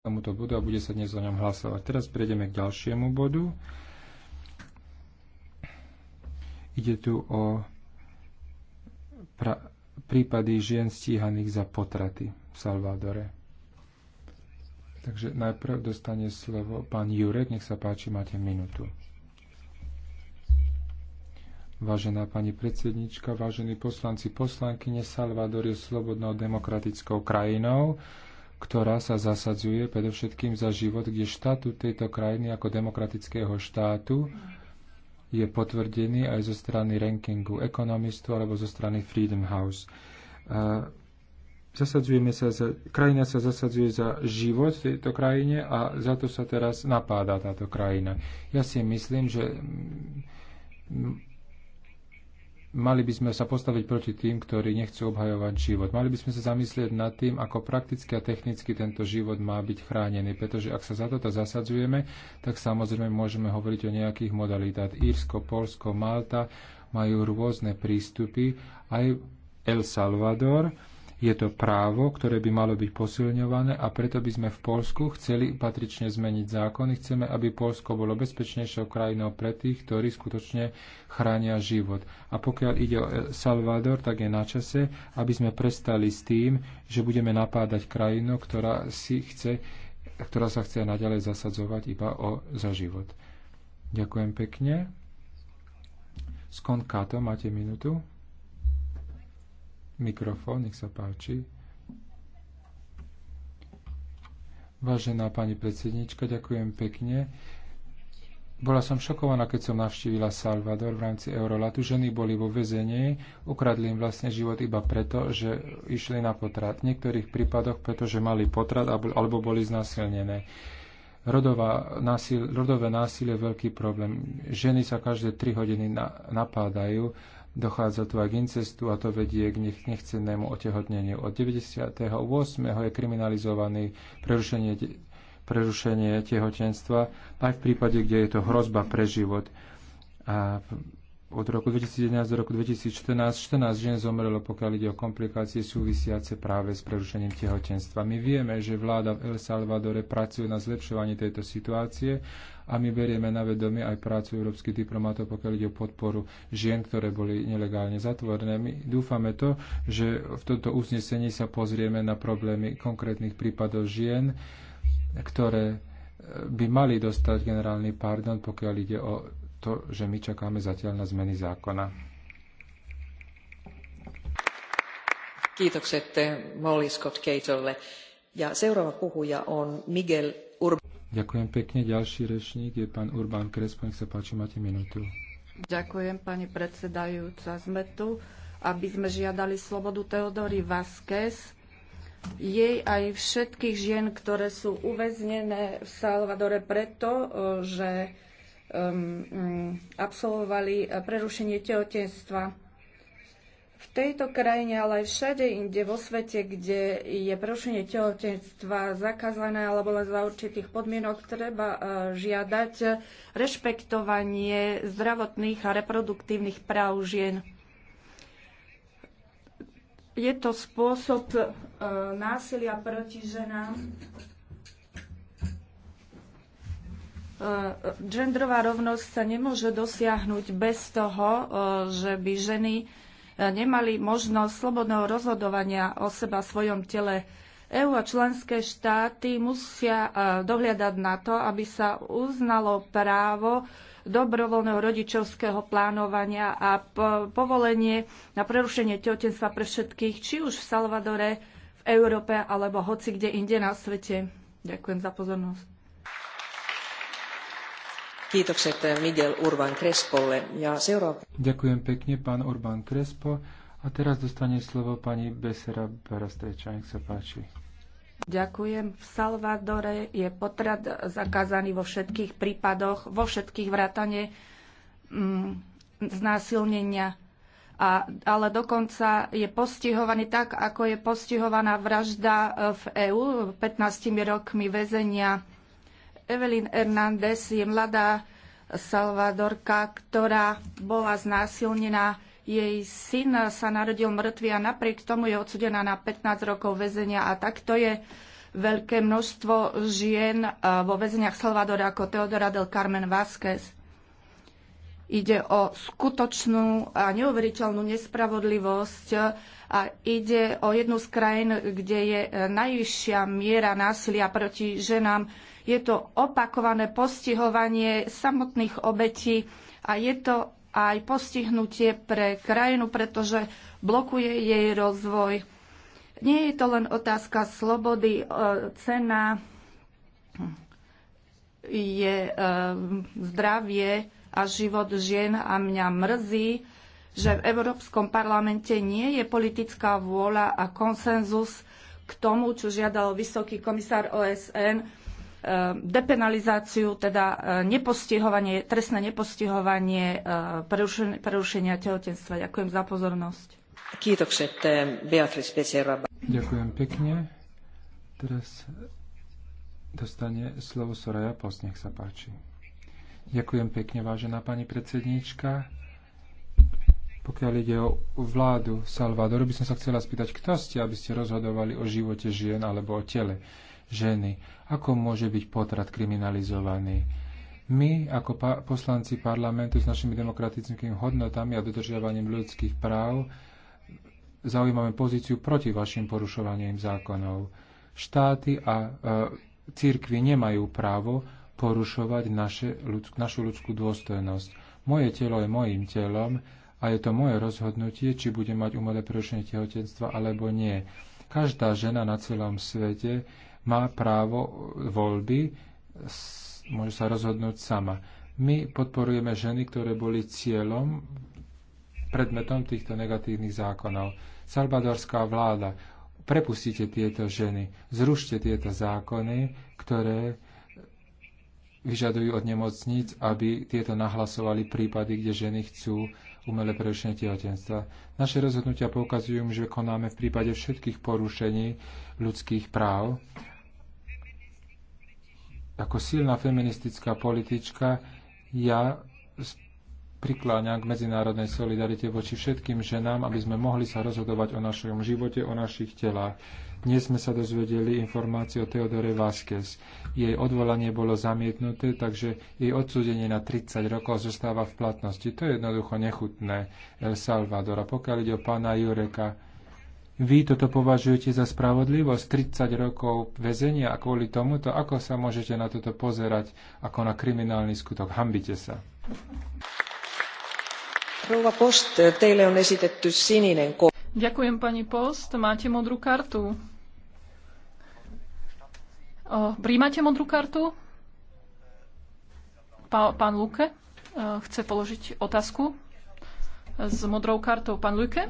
tomuto bodu a bude sa dnes o ňom hlasovať. Teraz prejdeme k ďalšiemu bodu. Ide tu o prípady žien stíhaných za potraty v Salvadore. Takže najprv dostane slovo pán Jurek, nech sa páči, máte minútu. Vážená pani predsednička, vážení poslanci, poslankyne, Salvador je slobodnou demokratickou krajinou ktorá sa zasadzuje predovšetkým za život, kde štatút tejto krajiny ako demokratického štátu je potvrdený aj zo strany rankingu ekonomistu alebo zo strany Freedom House. Zasadzujeme sa za, krajina sa zasadzuje za život v tejto krajine a za to sa teraz napáda táto krajina. Ja si myslím, že mali by sme sa postaviť proti tým, ktorí nechcú obhajovať život. Mali by sme sa zamyslieť nad tým, ako prakticky a technicky tento život má byť chránený, pretože ak sa za toto zasadzujeme, tak samozrejme môžeme hovoriť o nejakých modalitách. Írsko, Polsko, Malta majú rôzne prístupy, aj El Salvador, je to právo, ktoré by malo byť posilňované a preto by sme v Polsku chceli patrične zmeniť zákony. Chceme, aby Polsko bolo bezpečnejšou krajinou pre tých, ktorí skutočne chránia život. A pokiaľ ide o Salvador, tak je na čase, aby sme prestali s tým, že budeme napádať krajinu, ktorá, si chce, ktorá sa chce naďalej zasadzovať iba o, za život. Ďakujem pekne. Skonkato, máte minútu. Mikrofón, nech sa páči. Vážená pani predsednička, ďakujem pekne. Bola som šokovaná, keď som navštívila Salvador v rámci Eurolatu. Ženy boli vo väzení, ukradli im vlastne život iba preto, že išli na potrat. V niektorých prípadoch, pretože mali potrat alebo boli znásilnené. Rodová násil, rodové násilie je veľký problém. Ženy sa každé 3 hodiny na, napádajú Dochádza tu aj k incestu a to vedie k nechcenému otehotneniu. Od 98. je kriminalizovaný prerušenie, prerušenie tehotenstva aj v prípade, kde je to hrozba pre život. A od roku 2011 do roku 2014 14 žien zomrelo, pokiaľ ide o komplikácie súvisiace práve s prerušením tehotenstva. My vieme, že vláda v El Salvadore pracuje na zlepšovaní tejto situácie a my berieme na vedomie aj prácu európskych diplomatov, pokiaľ ide o podporu žien, ktoré boli nelegálne zatvorené. My dúfame to, že v tomto uznesení sa pozrieme na problémy konkrétnych prípadov žien, ktoré by mali dostať generálny pardon, pokiaľ ide o to, že my čakáme zatiaľ na zmeny zákona. Kiitokset eh, Molly Scott Ja seuraava puhuja on Miguel Urban. Ďakujem pekne. Ďalší rečník je pán Urban Krespo. Nech sa páči, máte minútu. Ďakujem, pani predsedajúca. Sme tu, aby sme žiadali slobodu Teodory Vázquez, jej aj všetkých žien, ktoré sú uväznené v Salvadore preto, eh, že um, mm, absolvovali eh, prerušenie tehotenstva. V tejto krajine, ale aj všade inde vo svete, kde je prerušenie tehotenstva zakázané alebo len za určitých podmienok, treba eh, žiadať rešpektovanie zdravotných a reproduktívnych práv žien. Je to spôsob eh, násilia proti ženám E, Gendrová rovnosť sa nemôže dosiahnuť bez toho, e, že by ženy e, nemali možnosť slobodného rozhodovania o seba v svojom tele. EÚ a členské štáty musia dohliadať na to, aby sa uznalo právo dobrovoľného rodičovského plánovania a povolenie na prerušenie tehotenstva pre všetkých, či už v Salvadore, v Európe alebo hoci kde inde na svete. Ďakujem za pozornosť. Kiitokset eh, Miguel Urban Crespolle. Ja seuraava... Ďakujem pekne, pán Urban Crespo. A teraz dostane slovo pani Besera Barastreča. Nech sa páči. Ďakujem. V Salvadore je potrat zakázaný vo všetkých prípadoch, vo všetkých vrátane mm, znásilnenia. A, ale dokonca je postihovaný tak, ako je postihovaná vražda eh, v EÚ 15 rokmi väzenia Evelyn Hernández je mladá Salvadorka, ktorá bola znásilnená. Jej syn sa narodil mŕtvy a napriek tomu je odsudená na 15 rokov väzenia a takto je veľké množstvo žien e, vo väzeniach Salvadora ako Teodora del Carmen Vázquez. Ide o skutočnú a neuveriteľnú nespravodlivosť a ide o jednu z krajín, kde je najvyššia miera násilia proti ženám je to opakované postihovanie samotných obetí a je to aj postihnutie pre krajinu, pretože blokuje jej rozvoj. Nie je to len otázka slobody, e, cena je e, zdravie a život žien a mňa mrzí, že v Európskom parlamente nie je politická vôľa a konsenzus k tomu, čo žiadal vysoký komisár OSN Eh, depenalizáciu, teda eh, nepostihovanie, trestné nepostihovanie eh, prerušenia tehotenstva. Ďakujem za pozornosť. Ďakujem pekne. Teraz dostane slovo Soraya Post, nech sa páči. Ďakujem pekne, vážená pani predsedníčka. Pokiaľ ide o vládu Salvadoru, by som sa chcela spýtať, kto ste, aby ste rozhodovali o živote žien alebo o tele ženy. Ako môže byť potrat kriminalizovaný? My, ako pa- poslanci parlamentu s našimi demokratickými hodnotami a dodržiavaním ľudských práv, zaujímame pozíciu proti vašim porušovaním zákonov. Štáty a e, církvy nemajú právo porušovať naše, ľudsk- našu ľudskú dôstojnosť. Moje telo je mojim telom a je to moje rozhodnutie, či bude mať umelé prerušenie tehotenstva alebo nie. Každá žena na celom svete má právo voľby, môže sa rozhodnúť sama. My podporujeme ženy, ktoré boli cieľom, predmetom týchto negatívnych zákonov. Salvadorská vláda, prepustite tieto ženy, zrušte tieto zákony, ktoré vyžadujú od nemocníc, aby tieto nahlasovali prípady, kde ženy chcú umelé prerušenie tehotenstva. Naše rozhodnutia poukazujú, že konáme v prípade všetkých porušení ľudských práv ako silná feministická politička ja prikláňam k medzinárodnej solidarite voči všetkým ženám, aby sme mohli sa rozhodovať o našom živote, o našich telách. Dnes sme sa dozvedeli informáciu o Teodore Vázquez. Jej odvolanie bolo zamietnuté, takže jej odsúdenie na 30 rokov zostáva v platnosti. To je jednoducho nechutné El Salvador. A pokiaľ ide o pána Jureka, vy toto považujete za spravodlivosť? 30 rokov väzenia a kvôli tomuto, ako sa môžete na toto pozerať ako na kriminálny skutok? Hambite sa. Ďakujem, pani Post. Máte modrú kartu. O, príjmate modrú kartu? pán Luke e, chce položiť otázku s modrou kartou. Pán Luke?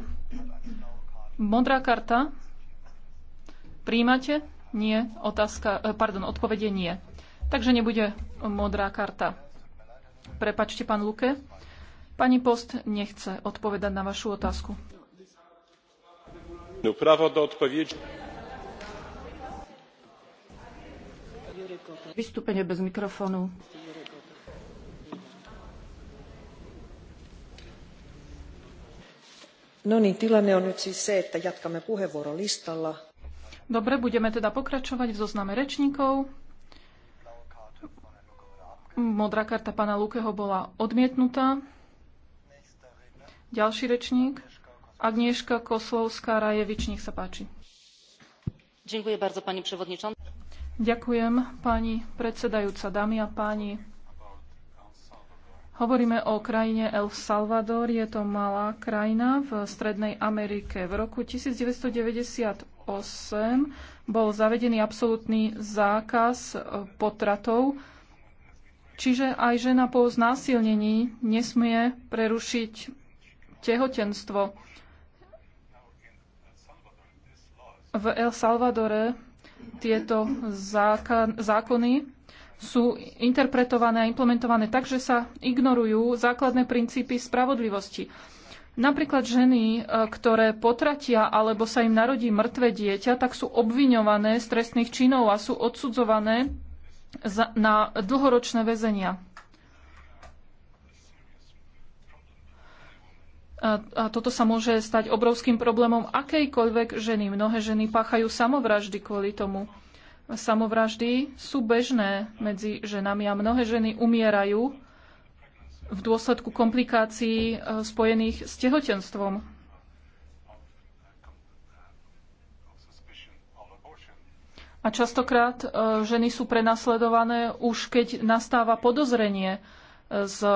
Modrá karta. Príjmate? Nie. Otázka, eh, pardon, odpovede nie. Takže nebude modrá karta. Prepačte, pán Luke. Pani Post nechce odpovedať na vašu otázku. No, právo do odpovedi. Vystúpenie bez mikrofónu. No niin, tilanne on nyt siis se, että jatkamme puheenvuorolistalla. Dobre, budeme teda pokračovať v zozname rečníkov. Modrá karta pána Lukeho bola odmietnutá. Ďalší rečník. Agnieszka Koslovská-Rajevič, nech sa páči. Ďakujem bardzo, pani przewodnicząca. Ďakujem, pani predsedajúca, dámy a páni. Hovoríme o krajine El Salvador. Je to malá krajina v Strednej Amerike. V roku 1998 bol zavedený absolútny zákaz e, potratov, čiže aj žena po znásilnení nesmie prerušiť tehotenstvo. V El Salvadore tieto zákony sú interpretované a implementované tak, že sa ignorujú základné princípy spravodlivosti. Napríklad ženy, e, ktoré potratia alebo sa im narodí mŕtve dieťa, tak sú obviňované z trestných činov a sú odsudzované na dlhoročné väzenia. A toto sa môže stať obrovským problémom akejkoľvek ženy. Mnohé ženy páchajú samovraždy kvôli tomu samovraždy sú bežné medzi ženami a mnohé ženy umierajú v dôsledku komplikácií e, spojených s tehotenstvom. A častokrát e, ženy sú prenasledované už keď nastáva podozrenie e, z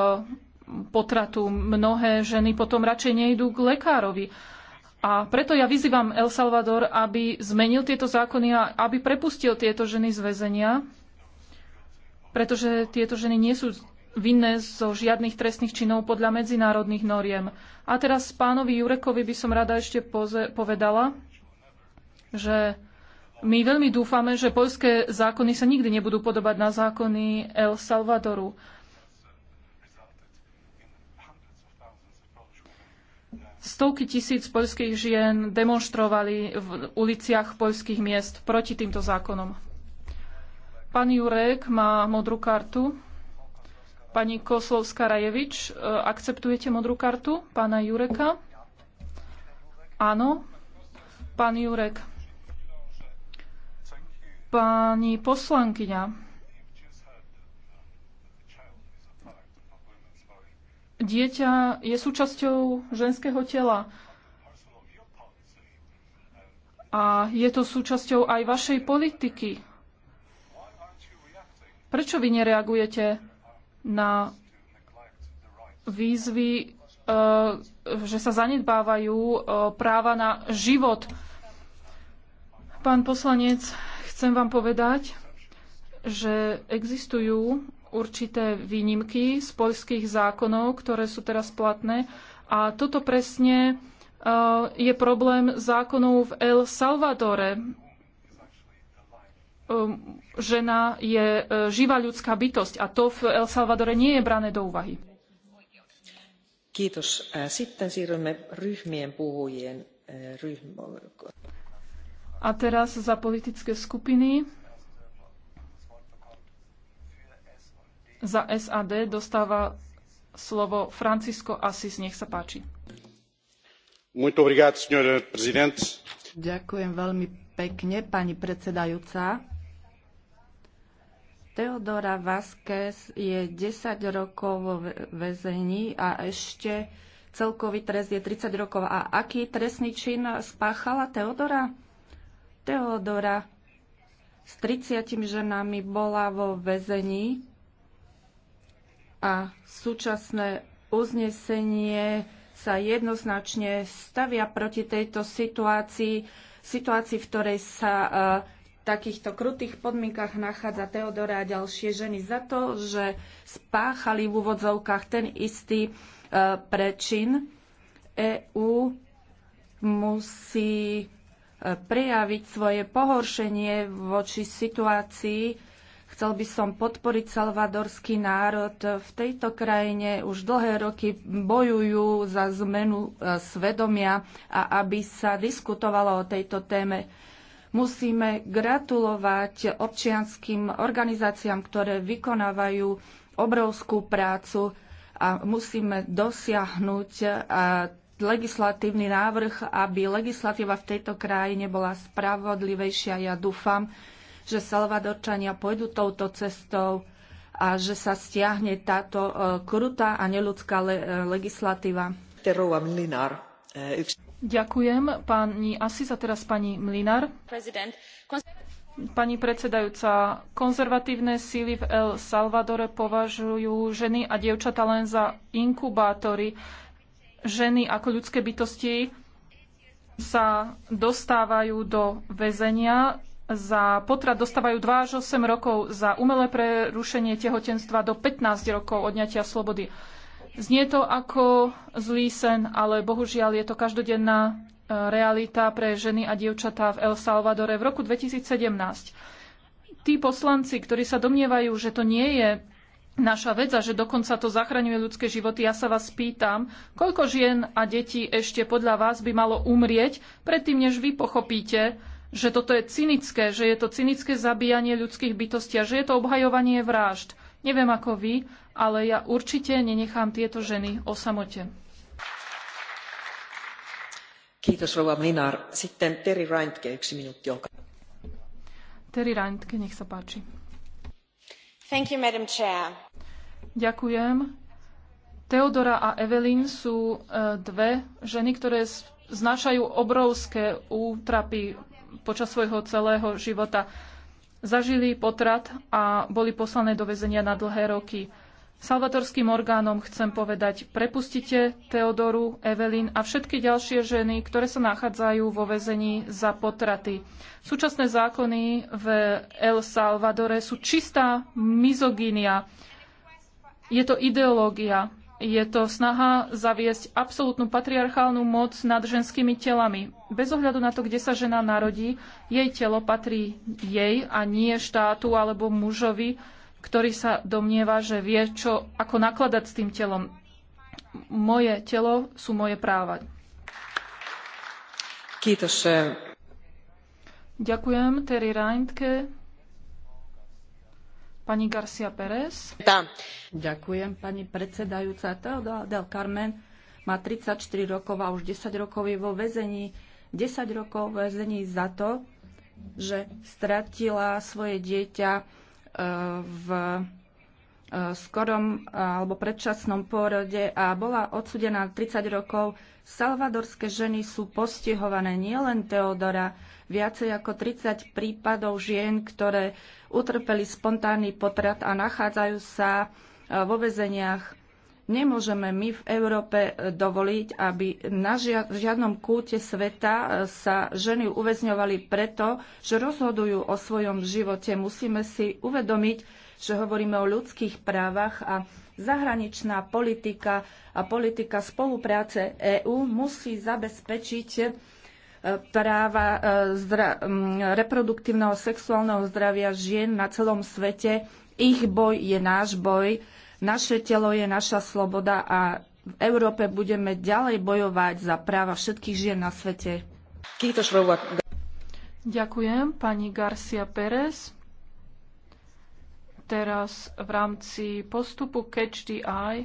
potratu. Mnohé ženy potom radšej nejdú k lekárovi. A preto ja vyzývam El Salvador, aby zmenil tieto zákony a aby prepustil tieto ženy z väzenia, pretože tieto ženy nie sú vinné zo žiadnych trestných činov podľa medzinárodných noriem. A teraz pánovi Jurekovi by som rada ešte povedala, že my veľmi dúfame, že poľské zákony sa nikdy nebudú podobať na zákony El Salvadoru. Stovky tisíc poľských žien demonstrovali v uliciach poľských miest proti týmto zákonom. Pán Jurek má modrú kartu. Pani Koslovská-Rajevič, e, akceptujete modrú kartu pána Jureka? Áno. Pán Jurek. Pani poslankyňa, Dieťa je súčasťou ženského tela a je to súčasťou aj vašej politiky. Prečo vy nereagujete na výzvy, e, že sa zanedbávajú e, práva na život? Pán poslanec, chcem vám povedať, že existujú určité výnimky z poľských zákonov, ktoré sú teraz platné. A toto presne eh, je problém zákonov v El Salvadore. Eh, žena je eh, živá ľudská bytosť a to v El Salvadore nie je brané do úvahy. Kiitos. Sitten siirrymme ryhmien puhujien ryhmä. A teraz za politické skupiny. Za SAD dostáva slovo Francisco Assis. Nech sa páči. Obrigado, Ďakujem veľmi pekne, pani predsedajúca. Teodora Vázquez je 10 rokov vo väzení a ešte celkový trest je 30 rokov. A aký trestný čin spáchala Teodora? Teodora s 30 ženami bola vo väzení a súčasné uznesenie sa jednoznačne stavia proti tejto situácii, situácii, v ktorej sa e, v takýchto krutých podmienkach nachádza Teodora a ďalšie ženy za to, že spáchali v úvodzovkách ten istý e, prečin. EÚ musí e, prejaviť svoje pohoršenie voči situácii, Chcel by som podporiť salvadorský národ. V tejto krajine už dlhé roky bojujú za zmenu e, svedomia a aby sa diskutovalo o tejto téme. Musíme gratulovať občianským organizáciám, ktoré vykonávajú obrovskú prácu a musíme dosiahnuť e, legislatívny návrh, aby legislatíva v tejto krajine bola spravodlivejšia. Ja dúfam, že Salvadorčania pôjdu touto cestou a že sa stiahne táto e, krutá a neludská le- e, legislatíva. Ďakujem. Pani Asisa, teraz pani Mlinar. Pani predsedajúca, konzervatívne síly v El Salvadore považujú ženy a dievčata len za inkubátory. Ženy ako ľudské bytosti sa dostávajú do väzenia za potrat dostávajú 2 až 8 rokov, za umelé prerušenie tehotenstva do 15 rokov odňatia slobody. Znie to ako zlý sen, ale bohužiaľ je to každodenná e, realita pre ženy a dievčatá v El Salvadore v roku 2017. Tí poslanci, ktorí sa domnievajú, že to nie je naša vec a že dokonca to zachraňuje ľudské životy. Ja sa vás pýtam, koľko žien a detí ešte podľa vás by malo umrieť, predtým než vy pochopíte, že toto je cynické, že je to cynické zabíjanie ľudských bytostí a že je to obhajovanie vražd. Neviem ako vy, ale ja určite nenechám tieto ženy o samote. Kiitos, Minar. Sitten Terry Reintke, yksi minuutti, olkaa. Terry Reintke, nech sa páči. Thank you, Madam Chair. Ďakujem. Teodora a Evelyn sú e, dve ženy, ktoré znášajú obrovské útrapy počas svojho celého života. Zažili potrat a boli poslané do väzenia na dlhé roky. Salvatorským orgánom chcem povedať, prepustite Teodoru, Evelyn a všetky ďalšie ženy, ktoré sa nachádzajú vo väzení za potraty. Súčasné zákony v El Salvadore sú čistá mizogínia. Je to ideológia. Je to snaha zaviesť absolútnu patriarchálnu moc nad ženskými telami. Bez ohľadu na to, kde sa žena narodí, jej telo patrí jej a nie štátu alebo mužovi, ktorý sa domnieva, že vie, čo, ako nakladať s tým telom. Moje telo sú moje práva. Kýtoše. Eh. Ďakujem Terry Reintke. Pani Garcia Pérez. Ďakujem, pani predsedajúca. Teodora del Carmen má 34 rokov a už 10 rokov je vo väzení. 10 rokov vo väzení za to, že stratila svoje dieťa e, v skorom alebo predčasnom pôrode a bola odsudená 30 rokov. Salvadorské ženy sú postihované nielen Teodora, viacej ako 30 prípadov žien, ktoré utrpeli spontánny potrat a nachádzajú sa e, vo vezeniach. Nemôžeme my v Európe e, dovoliť, aby na žiadnom kúte sveta e, sa ženy uväzňovali preto, že rozhodujú o svojom živote. Musíme si uvedomiť, že hovoríme o ľudských právach a zahraničná politika a politika spolupráce EÚ musí zabezpečiť e, práva e, zdra- reproduktívneho sexuálneho zdravia žien na celom svete. Ich boj je náš boj, naše telo je naša sloboda a v Európe budeme ďalej bojovať za práva všetkých žien na svete. Ďakujem pani Garcia Pérez. Teraz v rámci postupu Catch the Eye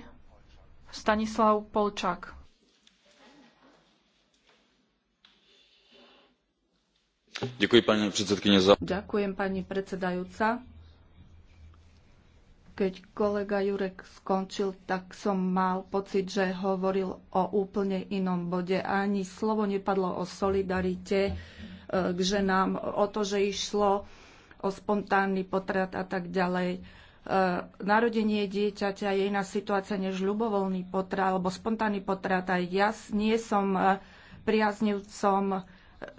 Stanislav Polčák. Ďakujem pani predsedkyne za... Ďakujem pani predsedajúca. Keď kolega Jurek skončil, tak som mal pocit, že hovoril o úplne inom bode. Ani slovo nepadlo o solidarite eh, k ženám, o to, že išlo o spontánny potrat a tak ďalej. E, narodenie dieťaťa je iná situácia než ľubovoľný potrat alebo spontánny potrat. Aj ja nie som e, priaznivcom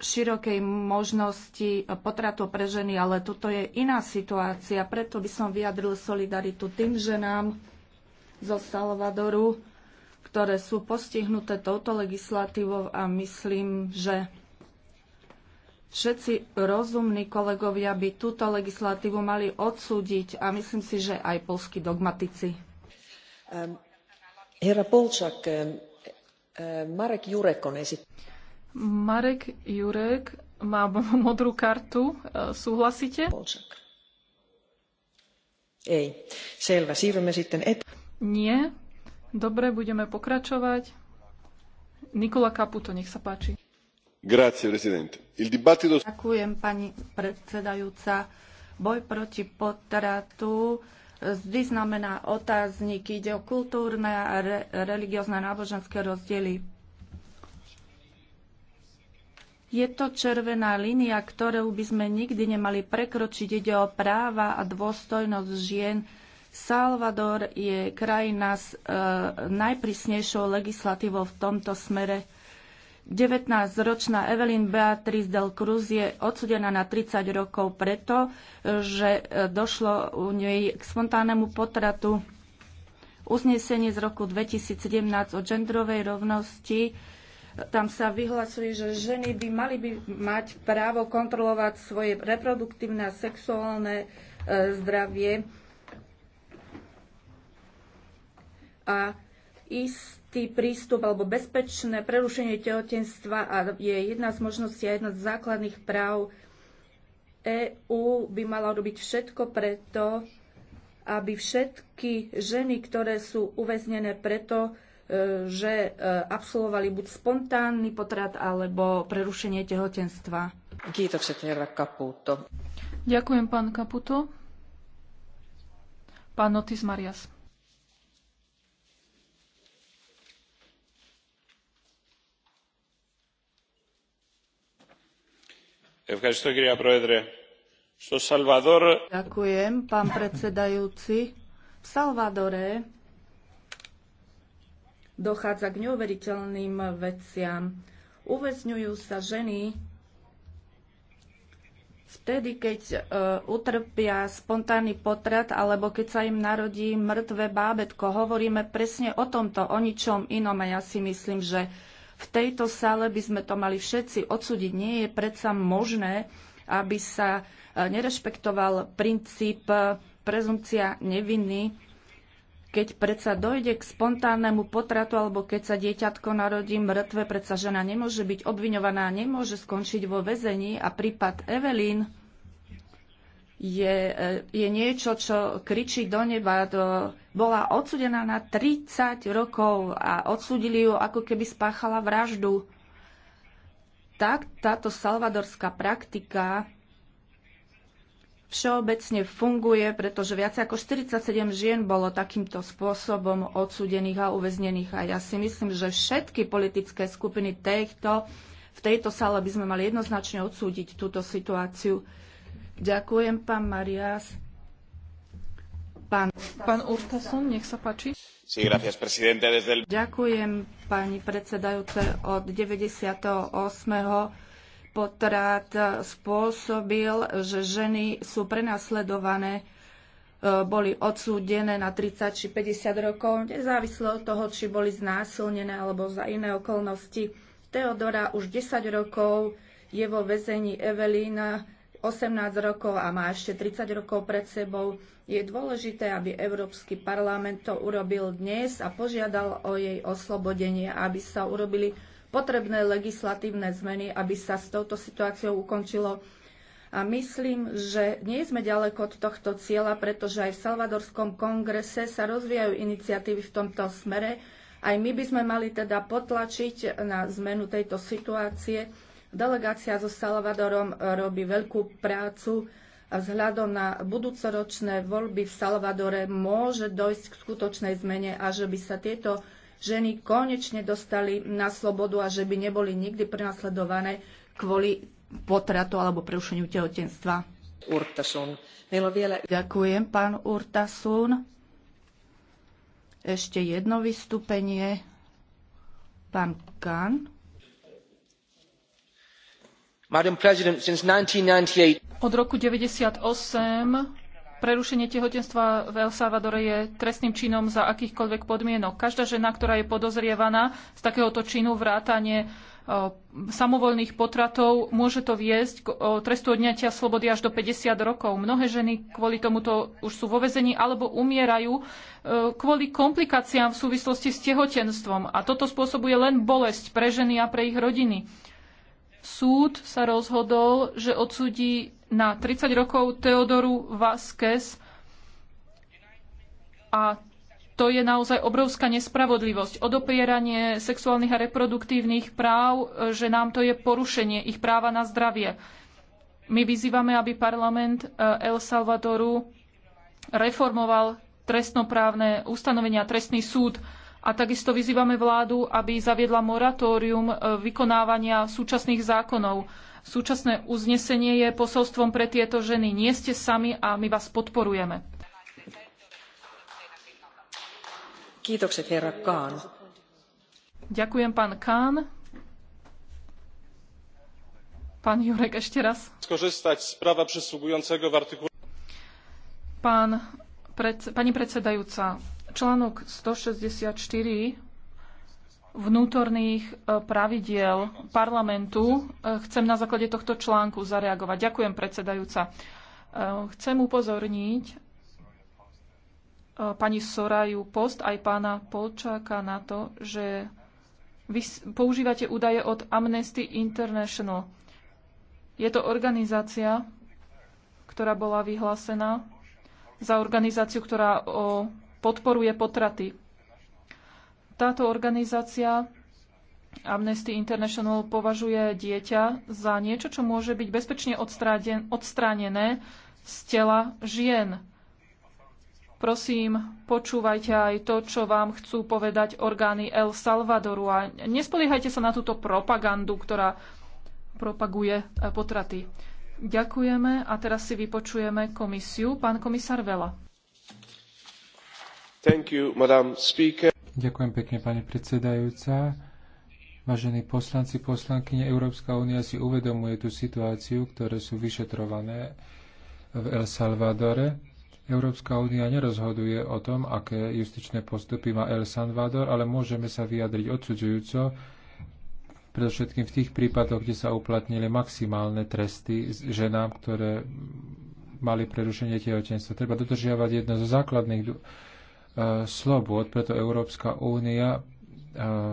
širokej možnosti potratu pre ženy, ale toto je iná situácia. Preto by som vyjadril solidaritu tým ženám zo Salvadoru, ktoré sú postihnuté touto legislatívou a myslím, že všetci rozumní kolegovia by túto legislatívu mali odsúdiť a myslím si, že aj polskí dogmatici. Ehm, herra Polčak, ehm, ehm, Marek Jurek on Marek Jurek má modrú kartu. E, súhlasíte? Polčak. Siirrymme sitten et... Nie. Dobre, budeme pokračovať. Nikola Kaputo, nech sa páči. Ďakujem, pani predsedajúca. Boj proti potratu e, vždy znamená otáznik. Ide o kultúrne a religiózne a náboženské rozdiely. Je to červená línia, ktorú by sme nikdy nemali prekročiť. Ide o práva a dôstojnosť žien. Salvador je krajina s e, najprísnejšou legislatívou v tomto smere 19-ročná Evelyn Beatriz del Cruz je odsudená na 30 rokov preto, že e, došlo u nej k spontánnemu potratu. Uznesenie z roku 2017 o genderovej rovnosti e, tam sa vyhlasuje, že ženy by mali by mať právo kontrolovať svoje reproduktívne a sexuálne e, zdravie. A ist istý prístup alebo bezpečné prerušenie tehotenstva a je jedna z možností a jedna z základných práv. EÚ by mala robiť všetko preto, aby všetky ženy, ktoré sú uväznené preto, e, že e, absolvovali buď spontánny potrat alebo prerušenie tehotenstva. Ďakujem, pán Kaputo. Pán Notis Marias. Ďakujem, pán predsedajúci. V Salvadore dochádza k neuveriteľným veciam. Uväzňujú sa ženy vtedy, keď e, utrpia spontánny potrat alebo keď sa im narodí mŕtve bábetko. Hovoríme presne o tomto, o ničom inom a ja si myslím, že v tejto sále by sme to mali všetci odsúdiť. Nie je predsa možné, aby sa e, nerešpektoval princíp e, prezumcia neviny, keď predsa dojde k spontánnemu potratu alebo keď sa dieťatko narodí mŕtve, predsa žena nemôže byť obviňovaná, nemôže skončiť vo väzení a prípad Evelyn je, e, je niečo, čo kričí do neba. Do, bola odsudená na 30 rokov a odsudili ju, ako keby spáchala vraždu. Tak táto salvadorská praktika všeobecne funguje, pretože viac ako 47 žien bolo takýmto spôsobom odsudených a uväznených. A ja si myslím, že všetky politické skupiny tejto, v tejto sále by sme mali jednoznačne odsúdiť túto situáciu. Ďakujem, pán Marias. Pán, pán Urtason, nech sa páči. Sí, gracias, presidente. Desde el... Ďakujem, pani predsedajúce. Od 98. potrat spôsobil, že ženy sú prenasledované e, boli odsúdené na 30 či 50 rokov, nezávisle od toho, či boli znásilnené alebo za iné okolnosti. Teodora už 10 rokov je vo väzení Evelína 18 rokov a má ešte 30 rokov pred sebou, je dôležité, aby Európsky parlament to urobil dnes a požiadal o jej oslobodenie, aby sa urobili potrebné legislatívne zmeny, aby sa s touto situáciou ukončilo. A myslím, že nie sme ďaleko od tohto cieľa, pretože aj v Salvadorskom kongrese sa rozvíjajú iniciatívy v tomto smere. Aj my by sme mali teda potlačiť na zmenu tejto situácie Delegácia so Salvadorom e, robí veľkú prácu a vzhľadom na budúcoročné voľby v Salvadore môže dojsť k skutočnej zmene a že by sa tieto ženy konečne dostali na slobodu a že by neboli nikdy prenasledované kvôli potratu alebo prerušeniu tehotenstva. Urtasun. Vielä... Ďakujem, pán Urtasun. Ešte jedno vystúpenie. Pán Kan. Od roku eight prerušenie tehotenstva v El Salvadore je trestným činom za akýchkoľvek podmienok. Každá žena, ktorá je podozrievaná z takéhoto činu vrátanie samovoľných potratov, môže to viesť k e, trestu odňatia slobody až do 50 rokov. Mnohé ženy kvôli tomuto už sú vo vezení alebo umierajú e, kvôli komplikáciám v súvislosti s tehotenstvom. A toto spôsobuje len bolesť pre ženy a pre ich rodiny súd sa rozhodol, že odsudí na 30 rokov Teodoru Vázquez a to je naozaj obrovská nespravodlivosť. Odopieranie sexuálnych a reproduktívnych práv, že nám to je porušenie ich práva na zdravie. My vyzývame, aby parlament eh, El Salvadoru reformoval trestnoprávne ustanovenia, trestný súd, a takisto vyzývame vládu, aby zaviedla moratórium e, vykonávania súčasných zákonov. Súčasné uznesenie je posolstvom pre tieto ženy. Nie ste sami a my vás podporujeme. Ďakujem, pán Kán. Pán Jurek, ešte raz. Skorzystať z práva przysługującego Pán, pred, pani predsedajúca, Článok 164 vnútorných e, pravidiel parlamentu. E, chcem na základe tohto článku zareagovať. Ďakujem, predsedajúca. E, chcem upozorniť pani Soraju Post aj pána Polčáka na to, že vy používate údaje od Amnesty International. Je to organizácia, ktorá bola vyhlásená za organizáciu, ktorá o podporuje potraty. Táto organizácia Amnesty International považuje dieťa za niečo, čo môže byť bezpečne odstránené z tela žien. Prosím, počúvajte aj to, čo vám chcú povedať orgány El Salvadoru a nespoliehajte sa na túto propagandu, ktorá propaguje eh, potraty. Ďakujeme a teraz si vypočujeme komisiu. Pán komisár Vela. Ďakujem pekne, pani predsedajúca. Vážení poslanci, poslankyne, Európska únia si uvedomuje tú situáciu, ktoré sú vyšetrované v El Salvadore. Európska únia nerozhoduje o tom, aké justičné postupy má El Salvador, ale môžeme sa vyjadriť odsudzujúco, predovšetkým v tých prípadoch, kde sa uplatnili maximálne tresty ženám, ktoré mali prerušenie tehotenstva. Treba dodržiavať jedno zo základných E, slobod, preto Európska únia e,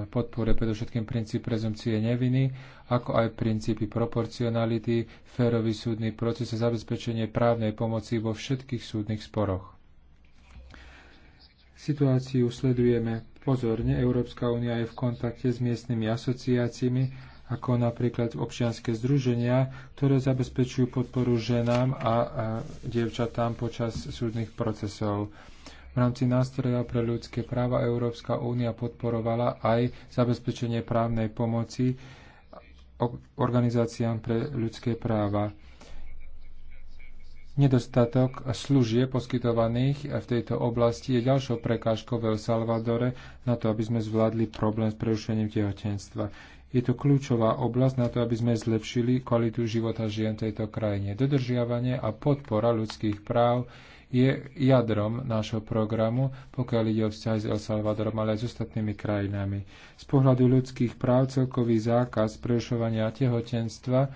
podporuje predovšetkým princíp prezumcie neviny, ako aj princípy proporcionality, férový súdny proces a zabezpečenie právnej pomoci vo všetkých súdnych sporoch. Situáciu sledujeme pozorne. Európska únia je v kontakte s miestnymi asociáciami, ako napríklad občianske združenia, ktoré zabezpečujú podporu ženám a, a dievčatám počas súdnych procesov. V rámci nástroja pre ľudské práva Európska únia podporovala aj zabezpečenie právnej pomoci organizáciám pre ľudské práva. Nedostatok služie poskytovaných v tejto oblasti je ďalšou prekážkou v El Salvadore na to, aby sme zvládli problém s prerušením tehotenstva. Je to kľúčová oblasť na to, aby sme zlepšili kvalitu života žien v tejto krajine. Dodržiavanie a podpora ľudských práv je jadrom nášho programu, pokiaľ ide o vzťahy s El Salvadorom, ale aj s ostatnými krajinami. Z pohľadu ľudských práv celkový zákaz prerušovania tehotenstva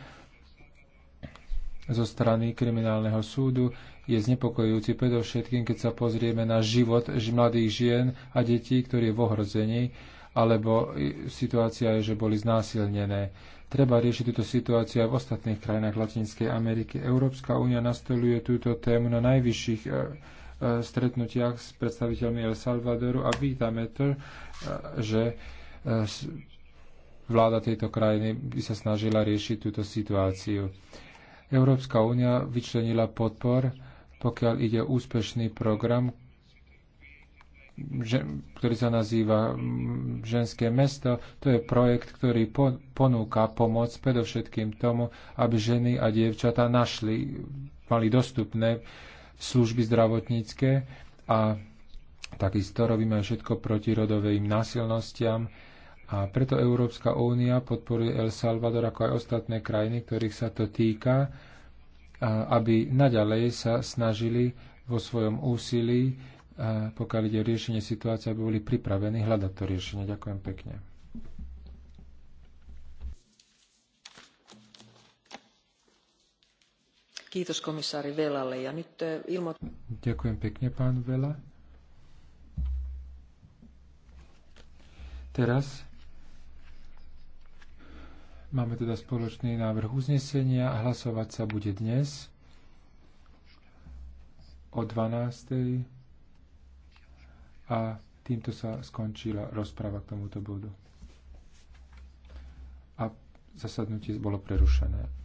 zo strany kriminálneho súdu je znepokojujúci predovšetkým, keď sa pozrieme na život mladých žien a detí, ktorí je v ohrození, alebo situácia je, že boli znásilnené. Treba riešiť túto situáciu aj v ostatných krajinách Latinskej Ameriky. Európska únia nastoluje túto tému na najvyšších e, e, stretnutiach s predstaviteľmi El Salvadoru a vítame to, e, že vláda tejto krajiny by sa snažila riešiť túto situáciu. Európska únia vyčlenila podpor, pokiaľ ide úspešný program, ktorý sa nazýva mm, Ženské mesto. To je projekt, ktorý po, ponúka pomoc predovšetkým tomu, aby ženy a dievčata našli, mali dostupné služby zdravotnícke a takisto robíme všetko proti rodovým násilnostiam. A preto Európska únia podporuje El Salvador ako aj ostatné krajiny, ktorých sa to týka, aby naďalej sa snažili vo svojom úsilí pokiaľ ide o riešenie situácie, aby boli pripravení hľadať to riešenie. Ďakujem pekne. Kiitos komisári Velalle. Ja nyt eh, ilmo... Ďakujem pekne, pán Vela. Teraz máme teda spoločný návrh uznesenia a hlasovať sa bude dnes o 12. A týmto sa skončila rozpráva k tomuto bodu. A zasadnutie bolo prerušené.